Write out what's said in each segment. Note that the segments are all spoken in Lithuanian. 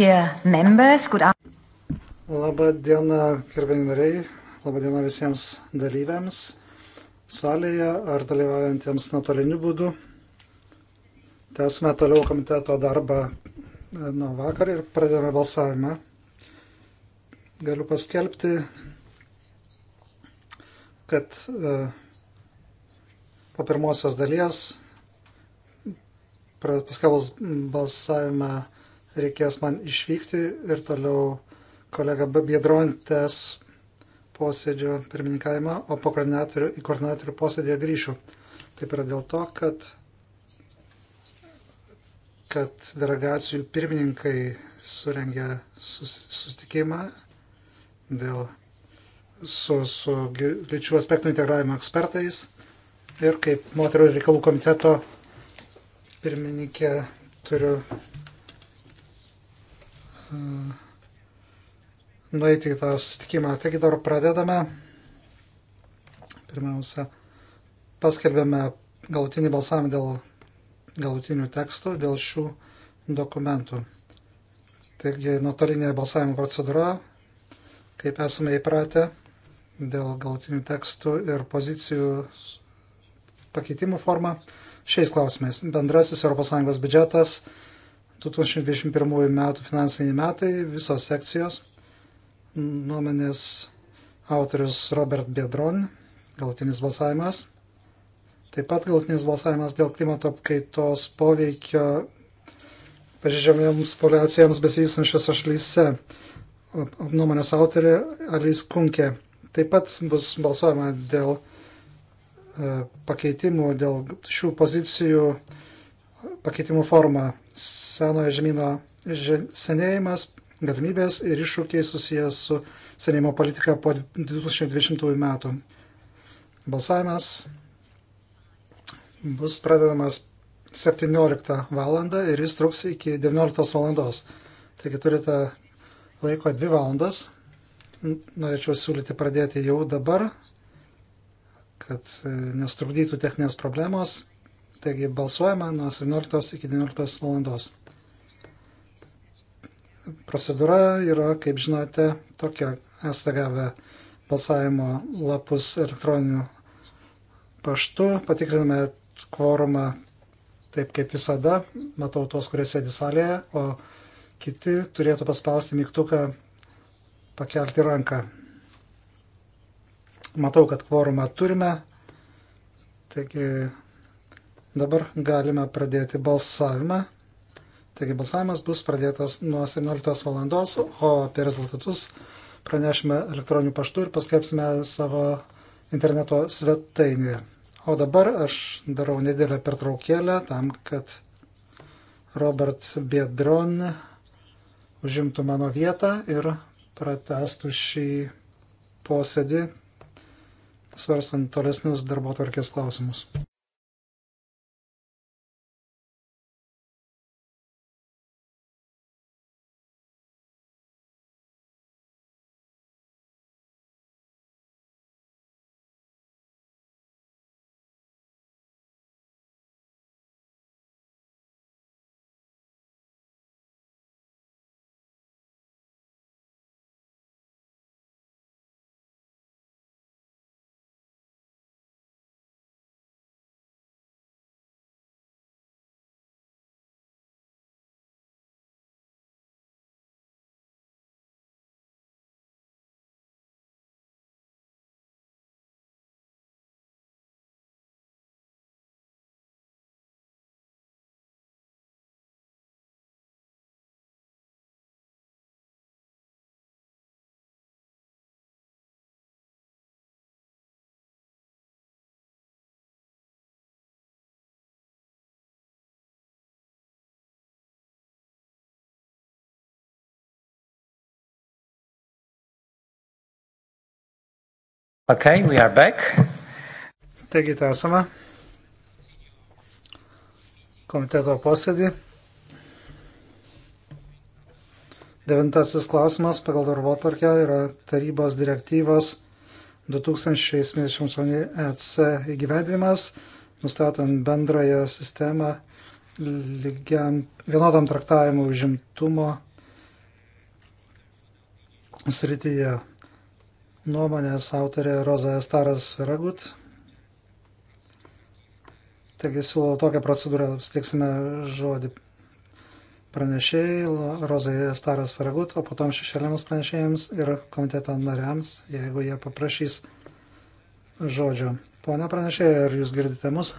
Labą dieną, gerbėjai nariai, labą dieną visiems dalyviams salėje ar dalyvaujantiems nuotoliniu būdu. Tęsime toliau komiteto darbą e, nuo vakar ir pradėjome balsavimą. Galiu paskelbti, kad e, po pirmosios dalies paskelbus balsavimą reikės man išvykti ir toliau kolega Biedron tęs posėdžio pirmininkavimą, o po koordinatorių, į koordinatorių posėdį grįšiu. Taip yra dėl to, kad, kad delegacijų pirmininkai surengė sus, susitikimą dėl su, su lyčių aspektų integravimo ekspertais ir kaip moterų reikalų komiteto pirmininkė turiu Mm. nueiti į tą sustikimą. Taigi dabar pradedame. Pirmiausia, paskelbėme galutinį balsavimą dėl galutinių tekstų, dėl šių dokumentų. Taigi nuotolinė balsavimo procedūra, kaip esame įpratę, dėl galutinių tekstų ir pozicijų pakeitimų forma šiais klausimais. Bendrasis ES biudžetas 2021 2021 metų finansiniai metai, visos sekcijos, nuomenės autorius Robert Biedron, galutinis balsavimas, taip pat galutinis balsavimas dėl klimato kaitos poveikio pažydžiamiems populiacijams besivystančiose šalyse, nuomonės autorė Alice Kunkė. Taip pat bus balsuojama dėl e, pakeitimų, dėl šių pozicijų pakeitimų forma - senojo žemino senėjimas, galimybės ir iššūkiai susijęs su senėjimo politika po 2020 metų. Balsavimas bus pradedamas 17 val. ir jis truks iki 19 val. Taigi turite laiko 2 valandas. Norėčiau siūlyti pradėti jau dabar, kad e, nestrukdytų techninės problemos. Taigi balsuojama nuo 17 iki 19 valandos. Procedūra yra, kaip žinote, tokia. Esate gavę balsavimo lapus elektroniniu paštu, patikriname kvorumą taip kaip visada, matau tuos, kurie sėdi salėje, o kiti turėtų paspausti mygtuką pakelti ranką. Matau, kad kvorumą turime, taigi Dabar galime pradėti balsavimą. Taigi balsavimas bus pradėtas nuo 17 valandos, o apie rezultatus pranešime elektroniniu paštu ir paskelbsime savo interneto svetainėje. O dabar aš darau nedėlę pertraukėlę tam, kad Robert Biedron užimtų mano vietą ir pratestų šį posėdį, svarstant tolesnius darbo tvarkės klausimus. Okay, we are back. Taigi, tęsame komiteto posėdį. Devintasis klausimas pagal darbo tvarkę yra tarybos direktyvos 2008 EC įgyvendinimas, nustatant bendrąją sistemą lygiam, vienodam traktavimui užimtumo srityje nuomonės autorė Roza Estaras Feragut. Taigi siūlau tokią procedūrą, stiksime žodį pranešėjai Rozai Staras Feragut, o potom šešėliams pranešėjams ir komiteto nariams, jeigu jie paprašys žodžio. Pone pranešėjai, ar jūs girdite mus?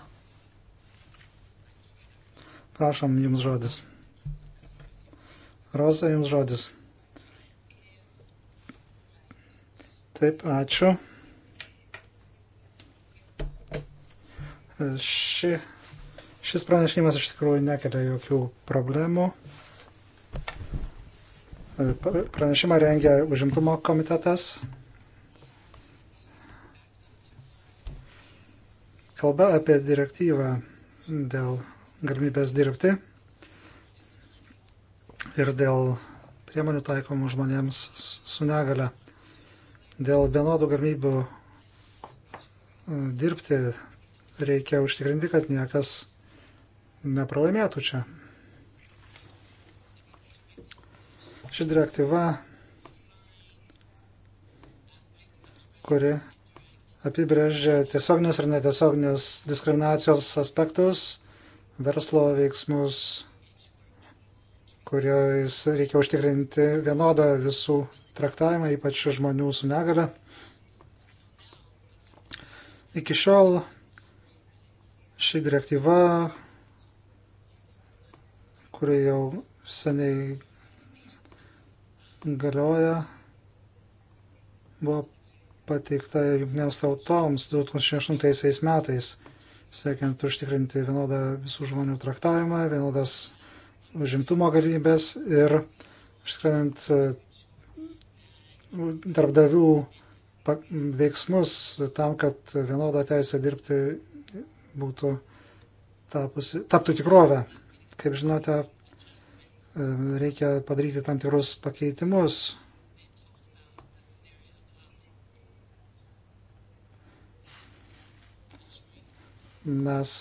Prašom, jums žodis. Roza, jums žodis. Taip, ačiū. Ši, šis pranešimas iš tikrųjų nekelia jokių problemų. Pranešimą rengia užimtumo komitetas. Kalba apie direktyvą dėl galimybės dirbti ir dėl priemonių taikomų žmonėms su negale. Dėl vienodų galimybių e, dirbti reikia užtikrinti, kad niekas nepralaimėtų čia. Ši direktyva, kuri apibrėžia tiesioginės ir netiesioginės diskriminacijos aspektus, verslo veiksmus kuriais reikia užtikrinti vienodą visų traktavimą, ypač žmonių su negale. Iki šiol ši direktyva, kuri jau seniai galioja, buvo pateikta jungtinėms tautoms 2008 metais, siekiant užtikrinti vienodą visų žmonių traktavimą, vienodas užimtumo galimybės ir išskrendant e, darbdavių veiksmus tam, kad vienoda teisė dirbti būtų tapusi, taptų tikrovę. Kaip žinote, e, reikia padaryti tam tikrus pakeitimus. Mes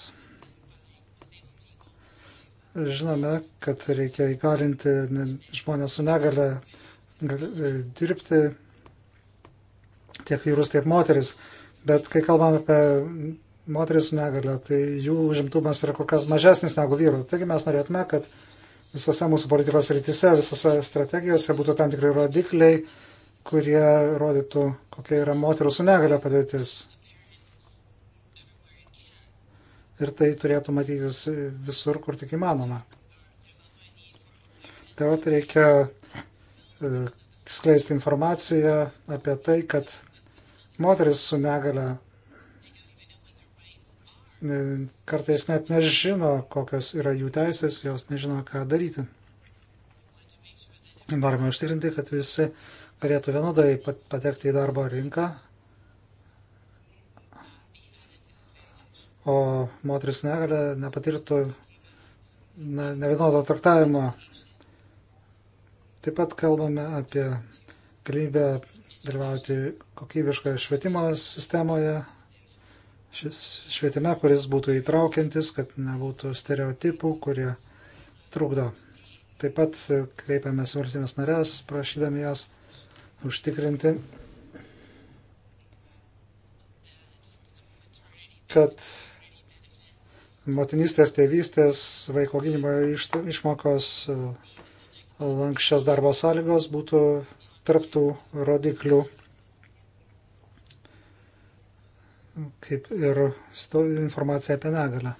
Žinome, kad reikia įgalinti žmonės su negale e, dirbti tiek vyrus, tiek moteris. Bet kai kalbame apie moteris su negale, tai jų užimtumas yra kur kas mažesnis negu vyrų. Taigi mes norėtume, kad visose mūsų politikos rytise, visose strategijose būtų tam tikri rodikliai, kurie rodytų, kokia yra moterų su negale padėtis ir tai turėtų matytis visur, kur tik įmanoma. Taip pat reikia e, skleisti informaciją apie tai, kad moteris su negale e, kartais net nežino, kokios yra jų teisės, jos nežino, ką daryti. Norime užtikrinti, kad visi galėtų vienodai patekti į darbo rinką o moteris negalė nepatirtų ne, nevienodo traktavimo. Taip pat kalbame apie galimybę dalyvauti kokybišką švietimo sistemoje, šis švietime, kuris būtų įtraukiantis, kad nebūtų stereotipų, kurie trukdo. Taip pat kreipiamės valstybės narės, prašydami jas užtikrinti kad motinystės, tėvystės, vaiko gynimo išmokos, e, lankščios darbo sąlygos būtų tarptų rodiklių, kaip ir informacija apie negalę.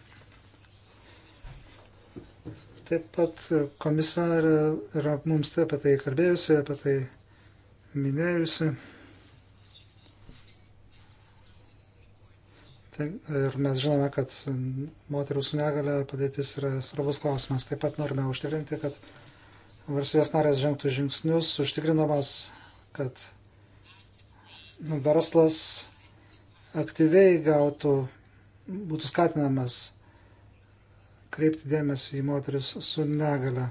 Taip pat komisarė yra mums apie tai kalbėjusi, apie tai minėjusi. Ir mes žinome, kad moterų su negale padėtis yra svarbus klausimas. Taip pat norime užtikrinti, kad valstybės narės žengtų žingsnius, užtikrinamas, kad nu, verslas aktyviai gautų, būtų skatinamas kreipti dėmesį į moteris su negale.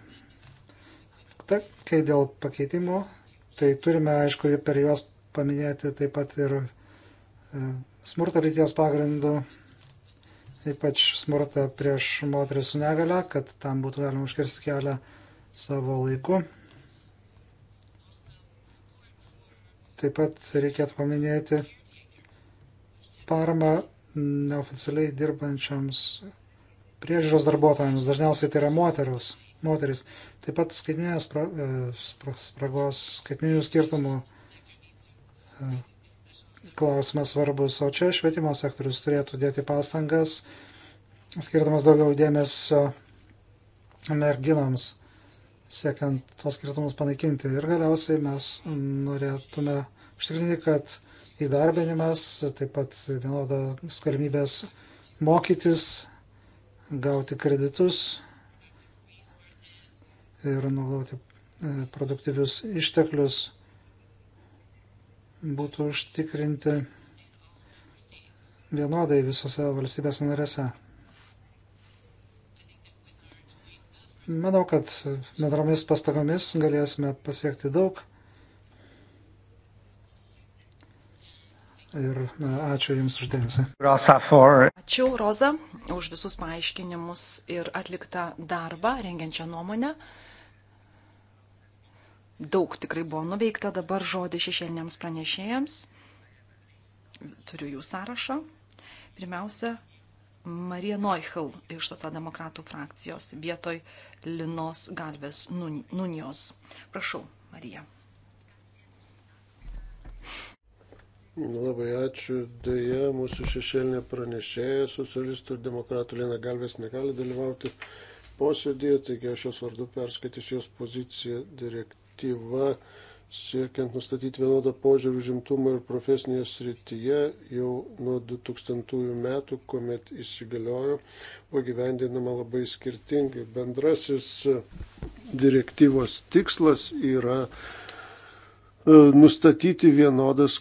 Ta, kai dėl pakeitimų, tai turime, aišku, per juos paminėti taip pat ir e, smurtą lyties pagrindu, ypač smurtą prieš moterį su negale, kad tam būtų galima užkirsti kelią savo laiku. Taip pat reikėtų paminėti paramą neoficialiai dirbančiams priežiūros darbuotojams, dažniausiai tai yra moteros, moteris. Taip pat skaitminės e, spragos, skaitminių skirtumų e, klausimas svarbus, o čia švietimo sektorius turėtų dėti pastangas, skirdamas daugiau dėmesio merginams, siekiant tos skirtumus panaikinti. Ir galiausiai mes norėtume užtikrinti, kad įdarbinimas, taip pat vienodas galimybės mokytis, gauti kreditus ir naudoti e, produktyvius išteklius būtų užtikrinti vienodai visose valstybės narėse. Manau, kad bendromis pastagomis galėsime pasiekti daug. Ir ačiū Jums uždėmesi. Rosa for... Ačiū Roza už visus paaiškinimus ir atliktą darbą rengiančią nuomonę. Daug tikrai buvo nuveikta, dabar žodį šešėliniams pranešėjams. Turiu jų sąrašą. Pirmiausia, Marija Neuchel iš Socialdemokratų frakcijos vietoj Linos Galvės Nunijos. Prašau, Marija. Labai ačiū. Deja, mūsų šešėlinė pranešėja socialistų ir demokratų Lina Galvės negali dalyvauti posėdėje, taigi aš jos vardu perskaitysiu jos poziciją direkt, direktyva siekiant nustatyti vienodą požiūrį užimtumą ir profesinėje srityje jau nuo 2000 metų, kuomet įsigaliojo, buvo gyvendinama labai skirtingai. Bendrasis direktyvos tikslas yra e, nustatyti vienodas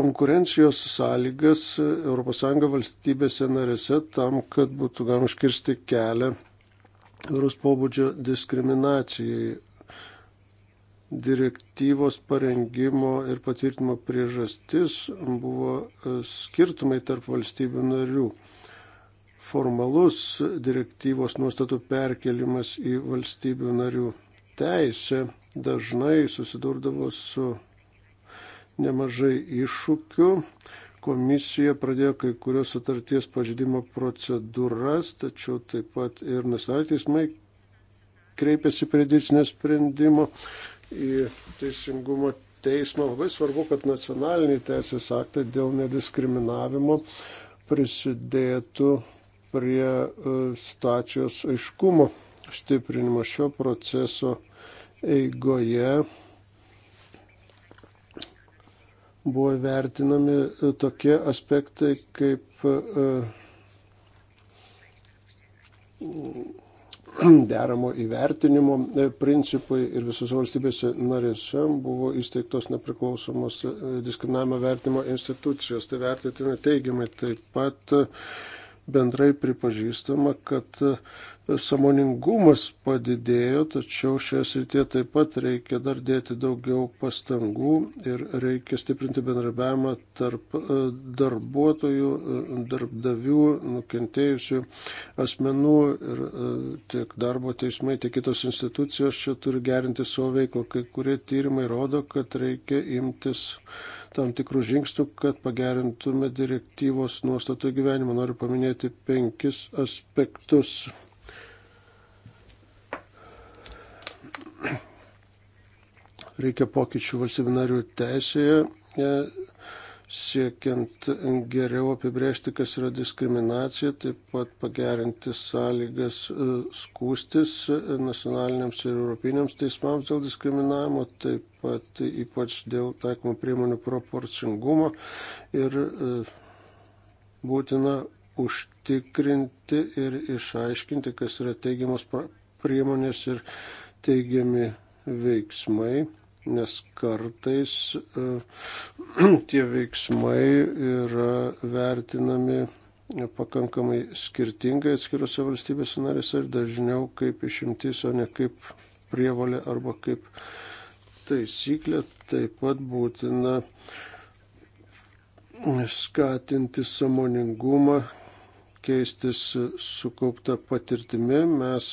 konkurencijos sąlygas ES valstybėse narėse tam, kad būtų galima užkirsti kelią Eurus pobūdžio diskriminacijai direktyvos parengimo ir patvirtimo priežastis buvo e, skirtumai tarp valstybių narių. Formalus direktyvos nuostatų perkelimas į valstybių narių teisę dažnai susidurdavo su nemažai iššūkių. Komisija pradėjo kai kurios sutarties pažydimo procedūras, tačiau taip pat ir nacionaliniai teismai kreipėsi prie dicinio sprendimo į teisingumo teismą. Labai svarbu, kad nacionaliniai teisės aktai dėl nediskriminavimo prisidėtų prie e, situacijos aiškumo stiprinimo šio proceso eigoje buvo vertinami e, tokie aspektai kaip e, deramo įvertinimo e, principai ir visos valstybėse narėse buvo įsteigtos nepriklausomos e, diskriminavimo vertimo institucijos, tai vertintina teigiamai. Taip pat bendrai pripažįstama, kad e, samoningumas padidėjo, tačiau šioje srityje taip pat reikia dar dėti daugiau pastangų ir reikia stiprinti bendrabiavimą tarp e, darbuotojų, e, darbdavių, nukentėjusių asmenų ir tiek darbo teismai, tiek kitos institucijos čia turi gerinti savo veiklą. Kai kurie tyrimai rodo, kad reikia imtis tam tikrų žingsnių, kad pagerintume direktyvos nuostatų gyvenimą. Noriu paminėti penkis aspektus. Reikia pokyčių valstybinarių teisėje, e, siekiant geriau apibrėžti, kas yra diskriminacija, taip pat pagerinti sąlygas e, skūstis e, nacionaliniams ir europiniams teismams dėl diskriminavimo, taip pat ypač dėl taikomų priemonių proporcingumo ir e, būtina užtikrinti ir išaiškinti, kas yra teigiamas priemonės ir teigiami veiksmai, nes kartais e, tie veiksmai yra vertinami pakankamai skirtingai atskirose valstybėse narėse ir dažniau kaip išimtis, o ne kaip prievalė arba kaip taisyklę taip pat būtina skatinti samoningumą, keistis sukauptą patirtimi. Mes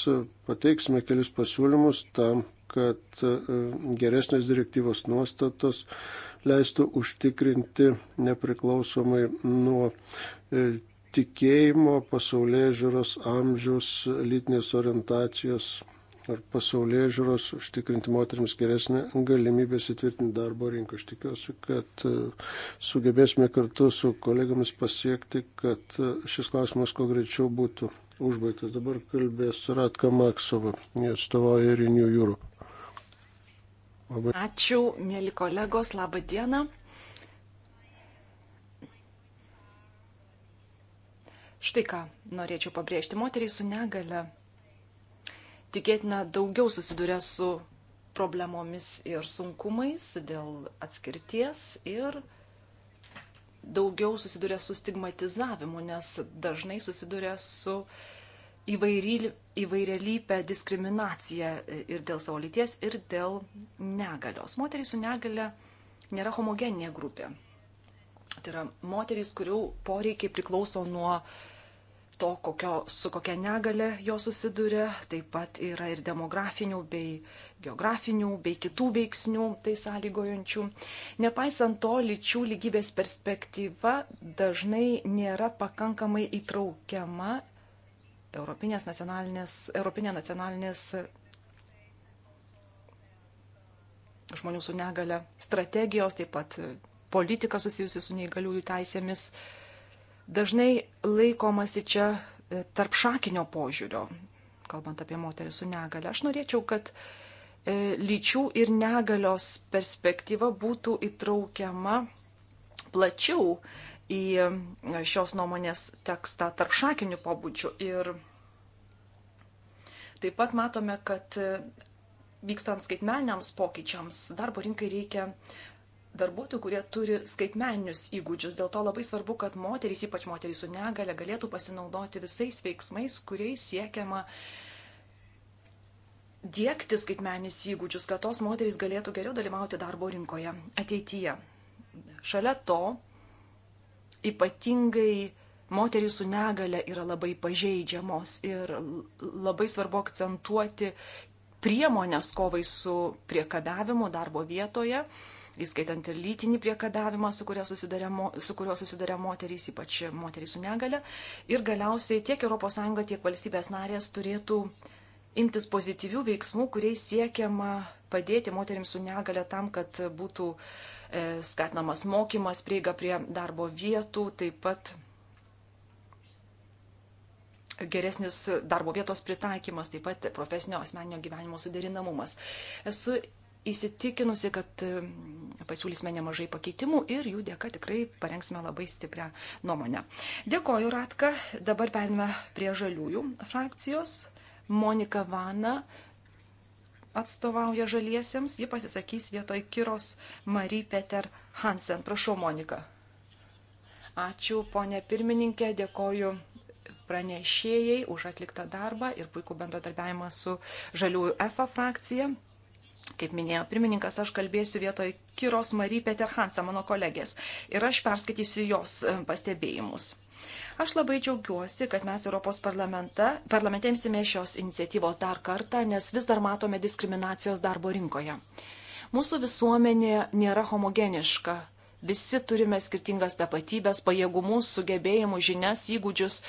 pateiksime kelis pasiūlymus tam, kad e, geresnės direktyvos nuostatos leistų užtikrinti nepriklausomai nuo e, tikėjimo, pasaulio žiūros, amžiaus, lytinės orientacijos ar pasaulyje žiūros užtikrinti moteriams geresnę galimybę įsitvirtinti darbo rinką. Aš tikiuosi, kad e, sugebėsime kartu su kolegomis pasiekti, kad e, šis klausimas kuo greičiau būtų užbaigtas. Dabar kalbės Ratka Maksova, jie atstovauja Renew Europe. Labai. Ačiū, mėly kolegos, laba diena. Štai ką norėčiau pabrėžti. Moteriai su negale tikėtina daugiau susiduria su problemomis ir sunkumais dėl atskirties ir daugiau susiduria su stigmatizavimu, nes dažnai susiduria su įvairialypę diskriminaciją ir dėl savo lyties, ir dėl negalios. Moterys su negale nėra homogeninė grupė. Tai yra moterys, kurių poreikiai priklauso nuo uh, to, kokio, su kokia negale jo susiduria, taip pat yra ir demografinių bei geografinių bei kitų veiksnių tai sąlygojančių. Nepaisant to, lyčių lygybės perspektyva dažnai nėra pakankamai įtraukiama Europinės nacionalinės, Europinė nacionalinės žmonių su negale strategijos, taip pat politika susijusi su neįgaliųjų teisėmis Dažnai laikomasi čia e, tarp šakinio požiūrio, kalbant apie moterį su negale. Aš norėčiau, kad e, lyčių ir negalios perspektyva būtų įtraukiama plačiau į e, šios nuomonės tekstą tarp šakinių pobūdžių. Ir taip pat matome, kad vykstant skaitmeniniams pokyčiams darbo rinkai reikia darbuotojų, kurie turi skaitmeninius įgūdžius. Dėl to labai svarbu, kad moterys, ypač moterys su negale, galėtų pasinaudoti visais veiksmais, kuriais siekiama dėkti skaitmeninius įgūdžius, kad tos moterys galėtų geriau dalyvauti darbo rinkoje ateityje. Šalia to ypatingai moterys su negale yra labai pažeidžiamos ir labai svarbu akcentuoti priemonės kovai su priekabiavimu darbo vietoje įskaitant ir lytinį priekabiavimą, su kuriuo susidarė, mo, su kuriuo susidarė moterys, ypač moterys su negale. Ir galiausiai tiek ES, tiek valstybės narės turėtų imtis pozityvių veiksmų, kuriais siekiama padėti moteriams su negale tam, kad būtų e, skatinamas mokymas, prieiga prie darbo vietų, taip pat geresnis darbo vietos pritaikymas, taip pat profesinio asmeninio gyvenimo suderinamumas. Esu įsitikinusi, kad pasiūlysime nemažai pakeitimų ir jų dėka tikrai parengsime labai stiprią nuomonę. Dėkoju, Ratka. Dabar perėmė prie žaliųjų frakcijos. Monika Vana atstovauja žaliesiems. Ji pasisakys vietoj Kiros Marie Peter Hansen. Prašau, Monika. Ačiū, ponė pirmininkė. Dėkoju pranešėjai už atliktą darbą ir puikų bendradarbiavimą su žaliųjų EFA frakcija. Kaip minėjo pirmininkas, aš kalbėsiu vietoj Kiros Mary Peterhansa, mano kolegės, ir aš perskaitysiu jos e, pastebėjimus. Aš labai džiaugiuosi, kad mes Europos parlamente imsime šios iniciatyvos dar kartą, nes vis dar matome diskriminacijos darbo rinkoje. Mūsų visuomenė nėra homogeniška. Visi turime skirtingas tapatybės, pajėgumus, sugebėjimus, žinias, įgūdžius.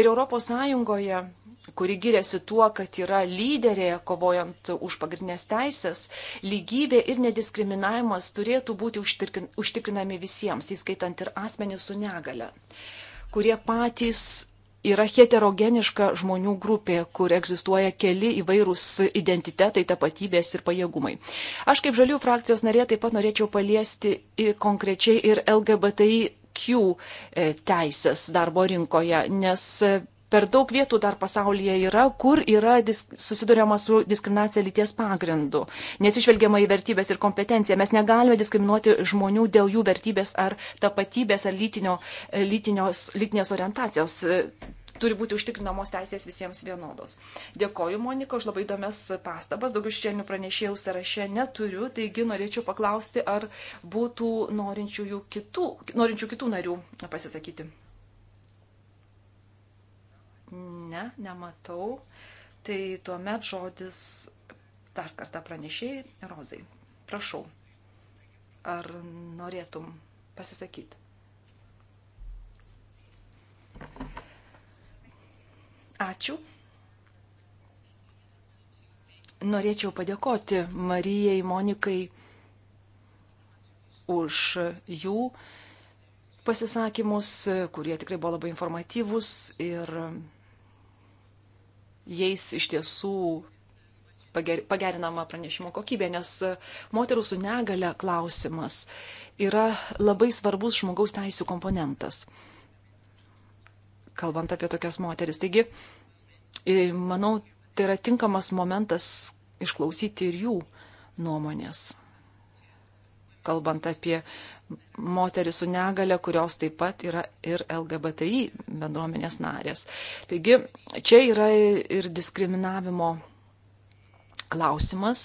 Ir ES kuri giriasi tuo, kad yra lyderė kovojant už pagrindinės teisės, lygybė ir nediskriminavimas turėtų būti užtikrinami visiems, įskaitant ir asmenys su negale, kurie patys yra heterogeniška žmonių grupė, kur egzistuoja keli įvairūs identitetai, tapatybės ir pajėgumai. Aš kaip žalių frakcijos narė taip pat norėčiau paliesti konkrečiai ir LGBTIQ e, teisės darbo rinkoje, nes per daug vietų dar pasaulyje yra, kur yra disk, susidurima su diskriminacija lyties pagrindu. Nesižvelgiama į vertybės ir kompetenciją. Mes negalime diskriminuoti žmonių dėl jų vertybės ar tapatybės ar lytinio, e, lytinios, lytinės orientacijos. E, turi būti užtikrinamos teisės visiems vienodos. Dėkoju, Monika, už labai įdomias pastabas. Daugiau šiandien pranešėjų sąraše neturiu, taigi norėčiau paklausti, ar būtų norinčių kitų, norinčių kitų narių pasisakyti. Ne, nematau. Tai tuomet žodis dar kartą pranešėjai, Rozai. Prašau, ar norėtum pasisakyti? Ačiū. Norėčiau padėkoti Marijai Monikai už jų pasisakymus, kurie tikrai buvo labai informatyvus ir jais iš tiesų pagerinama pranešimo kokybė, nes moterų su negale klausimas yra labai svarbus žmogaus teisų komponentas, kalbant apie tokias moteris. Taigi, manau, tai yra tinkamas momentas išklausyti ir jų nuomonės, kalbant apie moteris su negale, kurios taip pat yra ir LGBTI bendruomenės narės. Taigi čia yra ir diskriminavimo klausimas,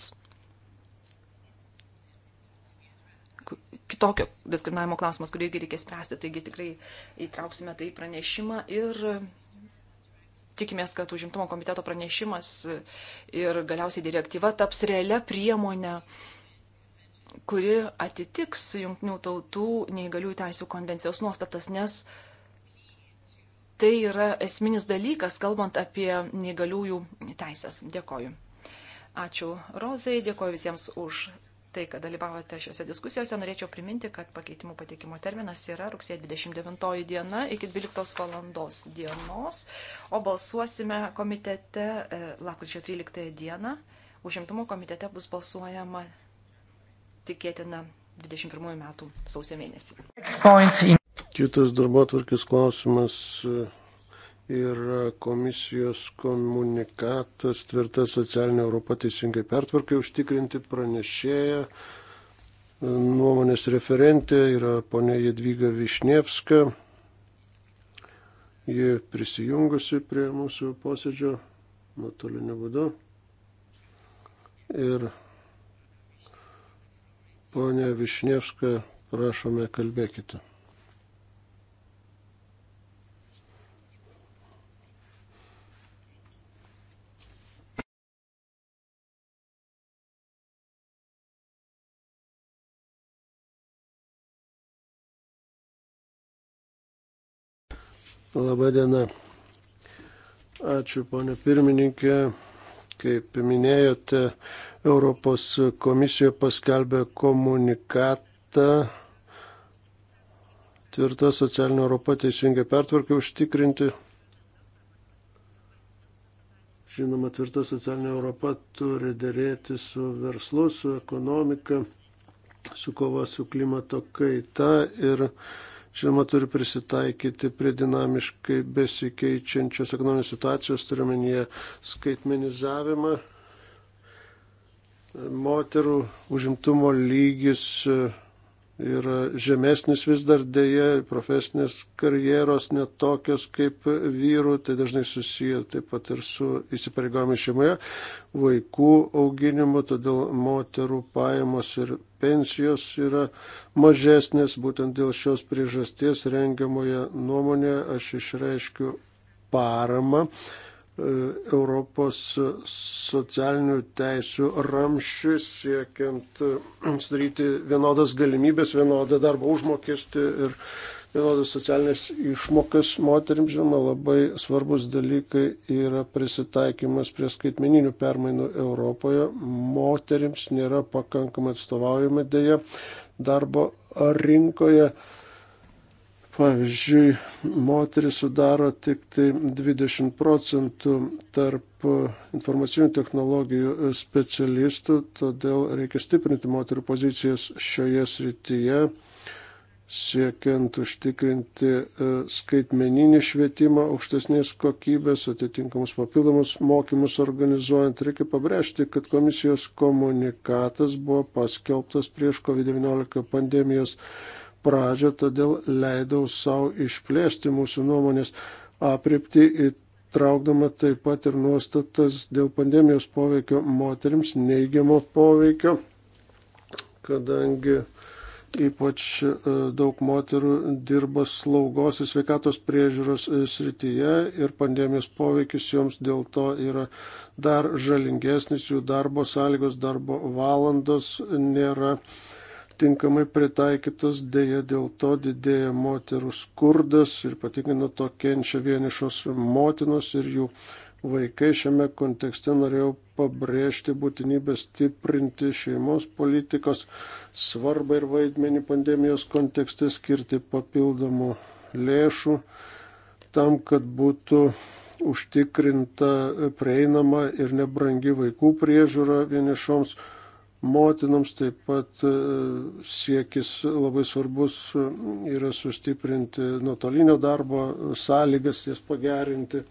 kitokio diskriminavimo klausimas, kurį irgi reikia spręsti, taigi tikrai įtrauksime tai į pranešimą ir tikimės, kad užimtumo komiteto pranešimas ir galiausiai direktyva taps realią priemonę uh, kuri atitiks Junktinių tautų neįgaliųjų teisų konvencijos nuostatas, nes tai yra esminis dalykas, kalbant apie neįgaliųjų teisės. Dėkoju. Ačiū Rozai, dėkoju visiems už tai, kad dalyvavote šiuose diskusijose. Norėčiau priminti, kad pakeitimų pateikimo terminas yra rugsėjo 29 diena iki 12 valandos dienos, o balsuosime komitete e, lapkričio 13 dieną. Užimtumo komitete bus balsuojama tikėtina 21 metų sausio mėnesį. Kitas darbo atvarkės klausimas e, yra komisijos komunikatas tvirta socialinė Europa teisingai pertvarkai užtikrinti pranešėją. E, nuomonės referentė yra ponė Jedviga Višnievska. Ji prisijungusi prie mūsų posėdžio nuotoliniu būdu. Ir Pone Višnievska, prašome kalbėkite. Labą dieną. Ačiū, ponė pirmininkė. Kaip minėjote, Europos komisija paskelbė komunikatą tvirta socialinė Europa teisingai pertvarkai užtikrinti. Žinoma, tvirta socialinė Europa turi dėrėti su verslu, su ekonomika, su kova su klimato kaita ir žinoma, turi prisitaikyti prie dinamiškai besikeičiančios ekonominės situacijos, turiuomenyje skaitmenizavimą. Moterų užimtumo lygis yra žemesnis vis dar dėja, profesinės karjeros netokios kaip vyrų, tai dažnai susiję taip pat ir su įsipareigojimais šeimoje, vaikų auginimu, todėl moterų pajamos ir pensijos yra mažesnės, būtent dėl šios priežasties rengiamoje nuomonėje aš išreiškiu paramą E, Europos socialinių teisių ramščių siekiant e, sudaryti vienodas galimybės, vienodą darbo užmokestį ir vienodas socialinės išmokas moteriams, žinoma, labai svarbus dalykai yra prisitaikymas prie skaitmeninių permainų Europoje. Moteriams nėra pakankamai atstovaujama dėja darbo rinkoje. Pavyzdžiui, moteris sudaro tik tai 20 procentų tarp informacinių technologijų specialistų, todėl reikia stiprinti moterų pozicijas šioje srityje, siekiant užtikrinti e, skaitmeninį švietimą aukštesnės kokybės, atitinkamus papildomus mokymus organizuojant. Reikia pabrėžti, kad komisijos komunikatas buvo paskelbtas prieš COVID-19 pandemijos pradžią, todėl leidau savo išplėsti mūsų nuomonės apripti, įtraukdama taip pat ir nuostatas dėl pandemijos poveikio moteriams, neigiamo poveikio, kadangi ypač e, daug moterų dirba slaugos ir sveikatos priežiūros e, srityje ir pandemijos poveikis joms dėl to yra dar žalingesnis, jų darbo sąlygos, darbo valandos nėra tinkamai pritaikytos, dėja dėl to didėja moterų skurdas ir patikinu to kenčia vienišos motinos ir jų vaikai. Šiame kontekste norėjau pabrėžti būtinybę stiprinti šeimos politikos svarbą ir vaidmenį pandemijos kontekste skirti papildomų lėšų tam, kad būtų užtikrinta prieinama ir nebrangi vaikų priežiūra vienišoms motinoms, taip pat e, siekis labai svarbus e, yra sustiprinti nuotolinio darbo e, sąlygas, jas pagerinti.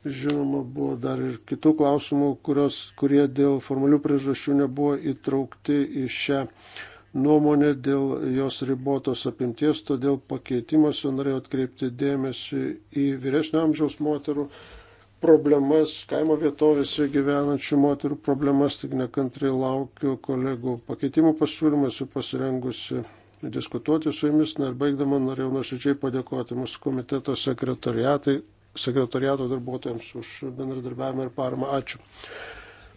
Žinoma, buvo dar ir kitų klausimų, kurios, kurie dėl formalių priežasčių nebuvo įtraukti į šią nuomonę dėl jos ribotos apimties, todėl pakeitimuose norėjau atkreipti dėmesį į vyresnio amžiaus moterų problemas, kaimo vietovėse gyvenančių moterų problemas, tik nekantrai laukiu kolegų pakeitimų pasiūlymų, esu pasirengusi diskutuoti su jumis. Na ir baigdama norėjau nuoširdžiai padėkoti mūsų komiteto sekretariatai, sekretariato darbuotojams už bendradarbiavimą ir paramą. Ačiū.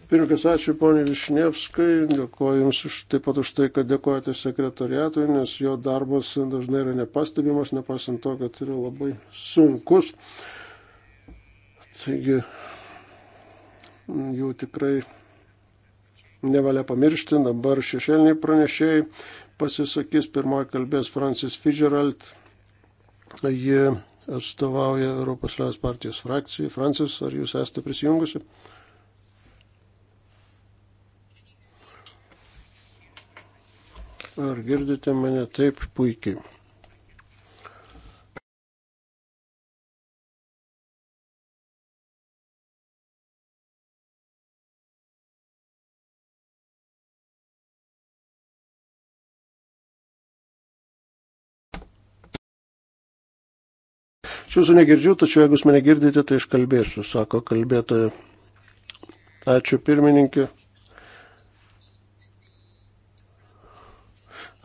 Pirmininkas, ačiū poniai Višnievskai, dėkoju Jums už, taip pat už tai, kad dėkojate sekretariatui, nes jo darbas dažnai yra nepastebimas, nepaisant to, kad yra labai sunkus. Taigi jų tikrai nevalia pamiršti. Dabar šešėliniai pranešėjai pasisakys. Pirmoji kalbės Francis Fitzgerald. Ji atstovauja Europos Liaudės partijos frakcijai. Francis, ar jūs esate prisijungusi? Ar girdite mane taip puikiai? Aš jūsų negirdžiu, tačiau jeigu jūs mane girdite, tai iškalbėsiu, sako kalbėtoja. Ačiū pirmininkė.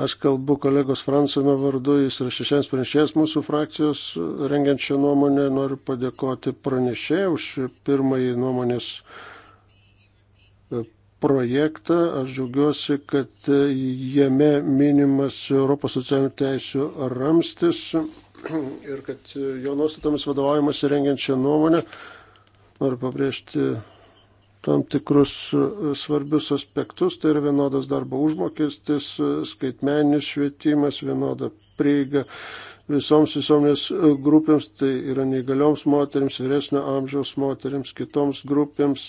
Aš kalbu kolegos Fransino vardu, jis yra šešiems pranešėjas mūsų frakcijos rengiančią nuomonę. Noriu padėkoti pranešėjai už pirmąjį nuomonės projektą. Aš džiaugiuosi, kad jame minimas Europos socialinių teisų ramstis ir kad jo nuostatomis vadovaujamas rengiančią nuomonę. Noriu pabrėžti tam tikrus svarbius aspektus, tai yra vienodas darbo užmokestis, skaitmeninis švietimas, vienoda prieiga visoms visuomenės e, grupėms, tai yra neįgalioms moteriams, vyresnio amžiaus moteriams, kitoms grupėms.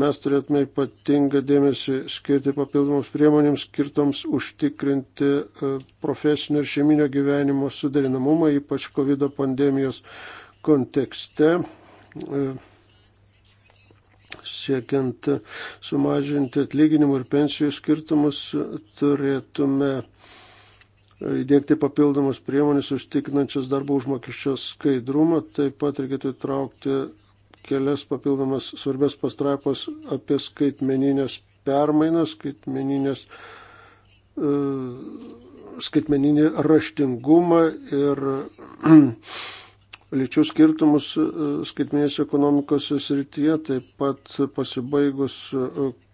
Mes turėtume ypatingą dėmesį skirti papildomoms priemonėms, skirtoms užtikrinti e, profesinio ir šeiminio gyvenimo suderinamumą, ypač COVID pandemijos kontekste e, siekiant sumažinti atlyginimų ir pensijų skirtumus, turėtume dėkti papildomas priemonės užtikrinančias darbo užmokesčio skaidrumą. Taip pat reikėtų įtraukti kelias papildomas svarbės pastraipos apie skaitmeninės permainas, skaitmeninės, uh, skaitmeninį raštingumą ir lyčių skirtumus e, skaitminės ekonomikos srityje, taip pat pasibaigus e,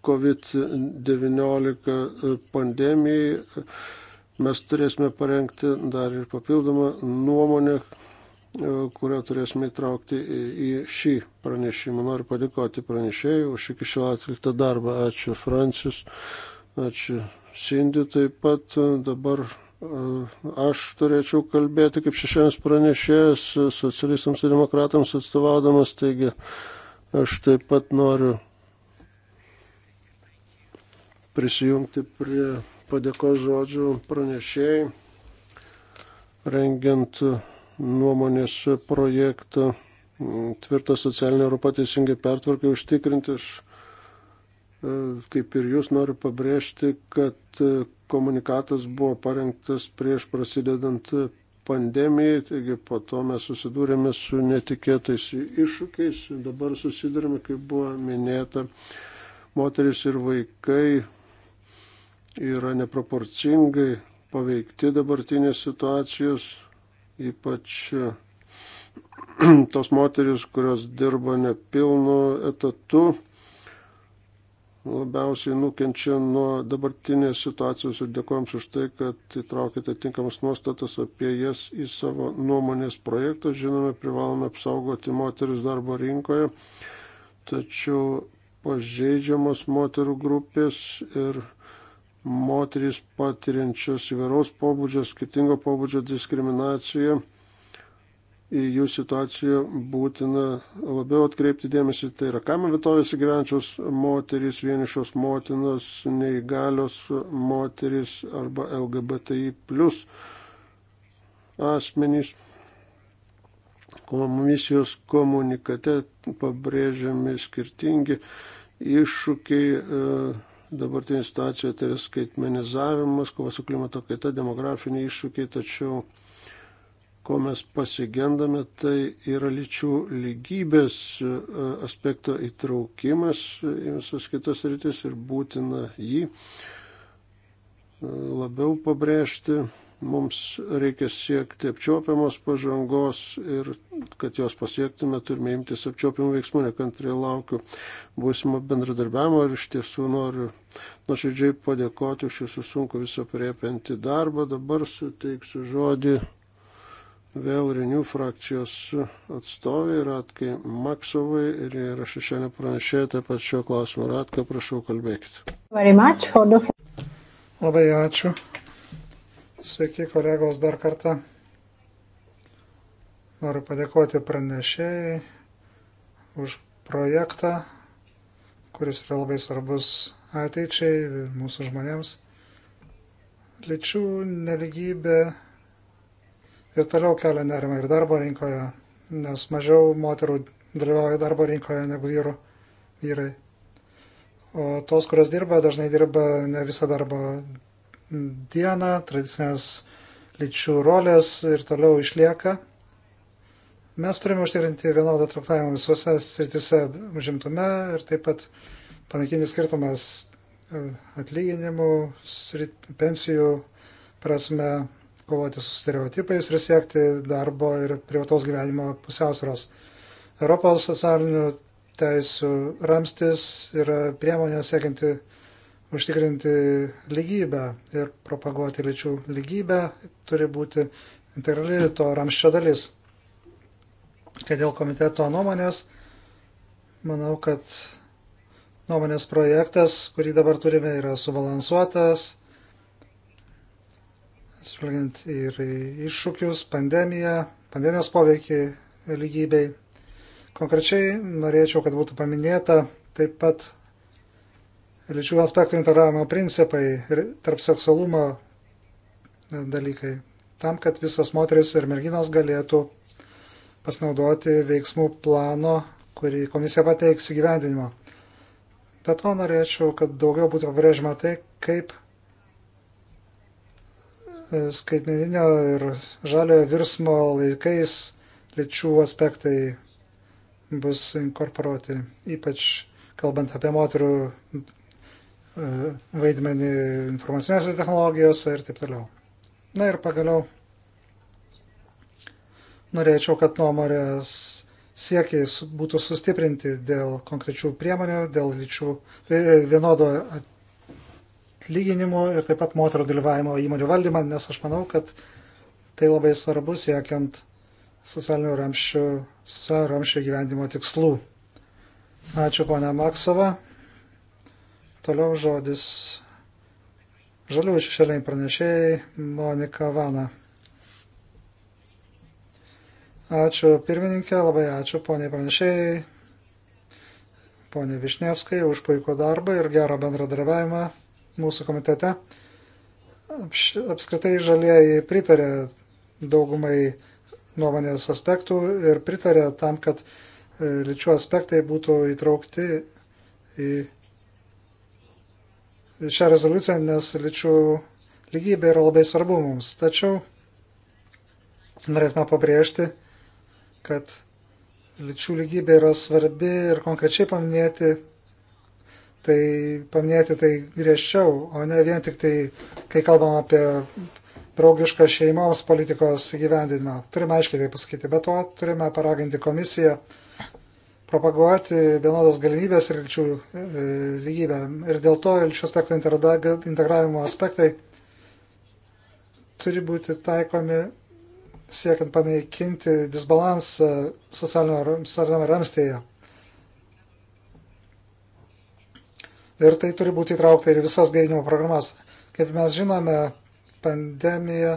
COVID-19 pandemijai mes turėsime parengti dar ir papildomą nuomonę, e, kurią turėsime įtraukti į šį pranešimą. Noriu padėkoti pranešėjai už iki šiol atliktą darbą. Ačiū Francis, ačiū Sindi taip pat. Dabar e, aš turėčiau kalbėti kaip šešiems pranešėjas socialistams ir demokratams atstovaudamas, taigi aš taip pat noriu prisijungti prie padėkos žodžių pranešėjai, rengiant nuomonės projektą tvirtą socialinę Europą teisingai pertvarkai užtikrinti. Aš e, kaip ir jūs noriu pabrėžti, kad e, komunikatas buvo parengtas prieš prasidedant pandemijai, taigi po to mes susidūrėme su netikėtais iššūkiais, dabar susidurėme, kaip buvo minėta, moteris ir vaikai yra neproporcingai paveikti dabartinės situacijos, ypač tos moteris, kurios dirba nepilnu etatu, labiausiai nukenčia nuo dabartinės situacijos ir dėkojams už tai, kad įtraukite tinkamas nuostatas apie jas į savo nuomonės projektą. Žinome, privalome apsaugoti moteris darbo rinkoje, tačiau pažeidžiamos moterų grupės ir moterys patiriančios įvairaus pobūdžio, skirtingo pobūdžio diskriminaciją. Į jų situaciją būtina labiau atkreipti dėmesį, tai yra kaimo vietovėse gyvenčios moterys, vienišos motinos, neįgalios moterys arba LGBTI plus asmenys. Komisijos komunikate pabrėžiami skirtingi iššūkiai. E, dabartinė situacija, tai yra skaitmenizavimas, kova su klimato kaita, demografiniai iššūkiai, tačiau ko mes pasigendame, tai yra lyčių lygybės e, aspekto įtraukimas į visas kitas rytis ir būtina jį e, labiau pabrėžti, Mums reikia siekti apčiopiamos pažangos ir kad jos pasiektume, turime imtis apčiopiamų veiksmų, nekantriai laukiu būsimo bendradarbiavimo ir iš tiesų noriu nuoširdžiai padėkoti už jūsų sunku viso priepiantį darbą. Dabar suteiksiu žodį vėl Renių frakcijos atstovai Ratkai Maksovai ir, ir aš šiandien pranešėjau taip pat šio klausimo. Ratka, prašau, kalbėkite. The... Labai ačiū Sveiki, kolegos, dar kartą. Noriu padėkoti pranešėjai už projektą, kuris yra labai svarbus ateičiai mūsų žmonėms. Lyčių neligybė ir toliau kelia nerimą ir darbo rinkoje, nes mažiau moterų dalyvauja darbo rinkoje negu vyrų, vyrai. O tos, kurios dirba, dažnai dirba ne visą darbo dieną, tradicinės lyčių rolės ir toliau išlieka. Mes turime užtikrinti vienodą traktavimą visose sritise užimtume ir taip pat panaikinti skirtumas e, atlyginimų, pensijų prasme, kovoti su stereotipais ir siekti darbo ir privataus gyvenimo pusiausvėros. Europos socialinių teisų ramstis yra priemonė siekianti užtikrinti lygybę ir propaguoti lyčių lygybę turi būti integrali to ramščio dalis. Kai dėl komiteto nuomonės, manau, kad nuomonės projektas, kurį dabar turime, yra subalansuotas, atsižvelgiant ir iššūkius, pandemiją, pandemijos poveikį lygybei. Konkrečiai norėčiau, kad būtų paminėta taip pat lyčių aspektų integravimo principai ir tarp seksualumo e, dalykai, tam, kad visos moteris ir merginos galėtų pasinaudoti veiksmų plano, kurį komisija pateiks įgyvendinimo. Bet to norėčiau, kad daugiau būtų pabrėžima tai, kaip e, skaitmeninio ir žaliojo virsmo laikais lyčių aspektai bus inkorporuoti, ypač kalbant apie moterų E, vaidmenį informacinėse technologijose ir taip toliau. Na ir pagaliau norėčiau, kad nuomonės siekiai būtų sustiprinti dėl konkrečių priemonių, dėl lyčių e, vienodo atlyginimo ir taip pat moterų dalyvavimo įmonių valdymą, nes aš manau, kad tai labai svarbu siekiant socialinių ramščių, socialinių ramščių gyvendimo tikslų. Ačiū ponia Maksova. Toliau žodis žaliųjų šešėliniai pranešėjai Monika Vana. Ačiū pirmininkė, labai ačiū poniai pranešėjai, poniai Višnievskai už puikų darbą ir gerą bendradarbiavimą mūsų komitete. Apskritai žalieji pritarė daugumai nuomonės aspektų ir pritarė tam, kad e, lyčių aspektai būtų įtraukti į šią rezoliuciją, nes lyčių lygybė yra labai svarbu mums. Tačiau norėtume pabrėžti, kad lyčių lygybė yra svarbi ir konkrečiai paminėti tai, paminėti tai griežčiau, o ne vien tik tai, kai kalbam apie draugišką šeimoms politikos įgyvendinimą. Turime aiškiai tai pasakyti, bet to turime paraginti komisiją propaguoti vienodas galimybės ir lyčių e, lygybę. Ir dėl to lyčių aspektų integravimo aspektai turi būti taikomi siekiant panaikinti disbalansą socialinėme ramstėje. Ir tai turi būti įtraukta ir visas gaivinimo programas. Kaip mes žinome, pandemija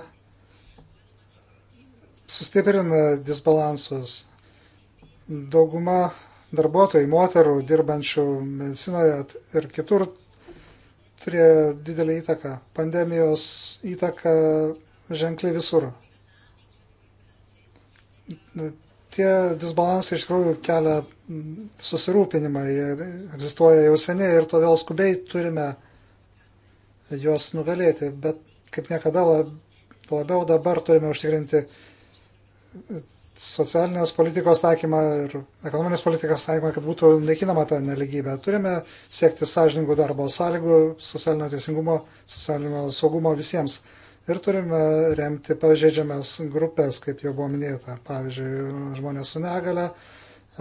sustiprina disbalansus Dauguma darbuotojų, moterų dirbančių medicinoje ir kitur turėjo didelį įtaką. Pandemijos įtaka ženkliai visur. Tie disbalansai iš tikrųjų kelia susirūpinimą, jie egzistuoja jau seniai ir todėl skubiai turime juos nugalėti, bet kaip niekada labiau dabar turime užtikrinti socialinės politikos taikymą ir ekonominės politikos taikymą, kad būtų naikinama ta neligybė. Turime siekti sąžiningų darbo sąlygų, socialinio teisingumo, socialinio saugumo visiems. Ir turime remti pažeidžiamas grupės, kaip jau buvo minėta, pavyzdžiui, žmonės su negale,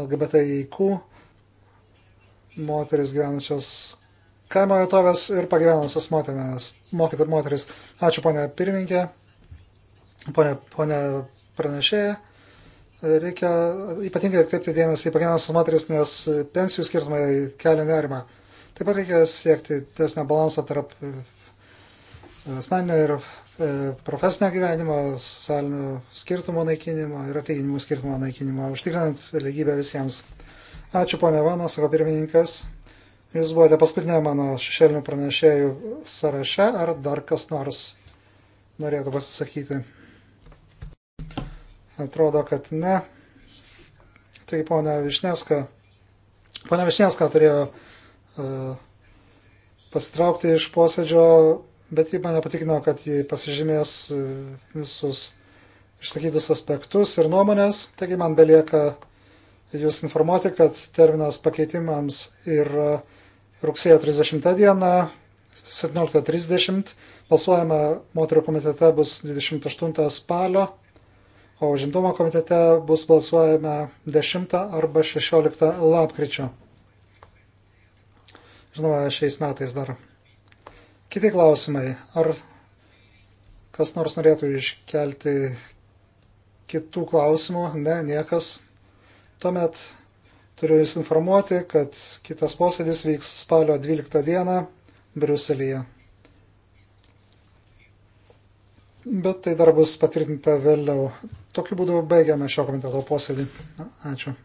LGBTIQ, moteris gyvenančios kaimo vietovės ir pagyvenusios moteris. Mokytat moteris. Ačiū, ponė pirmininkė, ponė, ponė pranešėja reikia ypatingai atkreipti dėmesį į pagyvenusias moteris, nes pensijų skirtumai kelia nerimą. Taip pat reikia siekti tesnio balanso tarp e, asmeninio ir e, profesinio gyvenimo, socialinių skirtumų naikinimo ir atlyginimų skirtumo naikinimo, užtikrinant lygybę visiems. Ačiū ponia Vana, sako pirmininkas. Jūs buvote paskutinė mano šešėlinių pranešėjų sąraše, ar dar kas nors norėtų pasisakyti? Atrodo, kad ne. Tai ponia Višnevska. Ponia Višnevska turėjo uh, pasitraukti iš posėdžio, bet ji mane patikino, kad ji pasižymės e, visus išsakytus aspektus ir nuomonės. Taigi man belieka jūs informuoti, kad terminas pakeitimams yra rugsėjo 30 diena, 17.30. Balsuojama moterų komitete bus 28 spalio o užimtumo komitete bus balsuojama 10 arba 16 lapkričio. Žinoma, šiais metais dar. Kiti klausimai. Ar kas nors norėtų iškelti kitų klausimų? Ne, niekas. Tuomet turiu Jūs informuoti, kad kitas posėdis vyks spalio 12 dieną Briuselėje. bet tai dar bus patvirtinta vėliau. Tokiu būdu baigiame šio komiteto posėdį. Ačiū.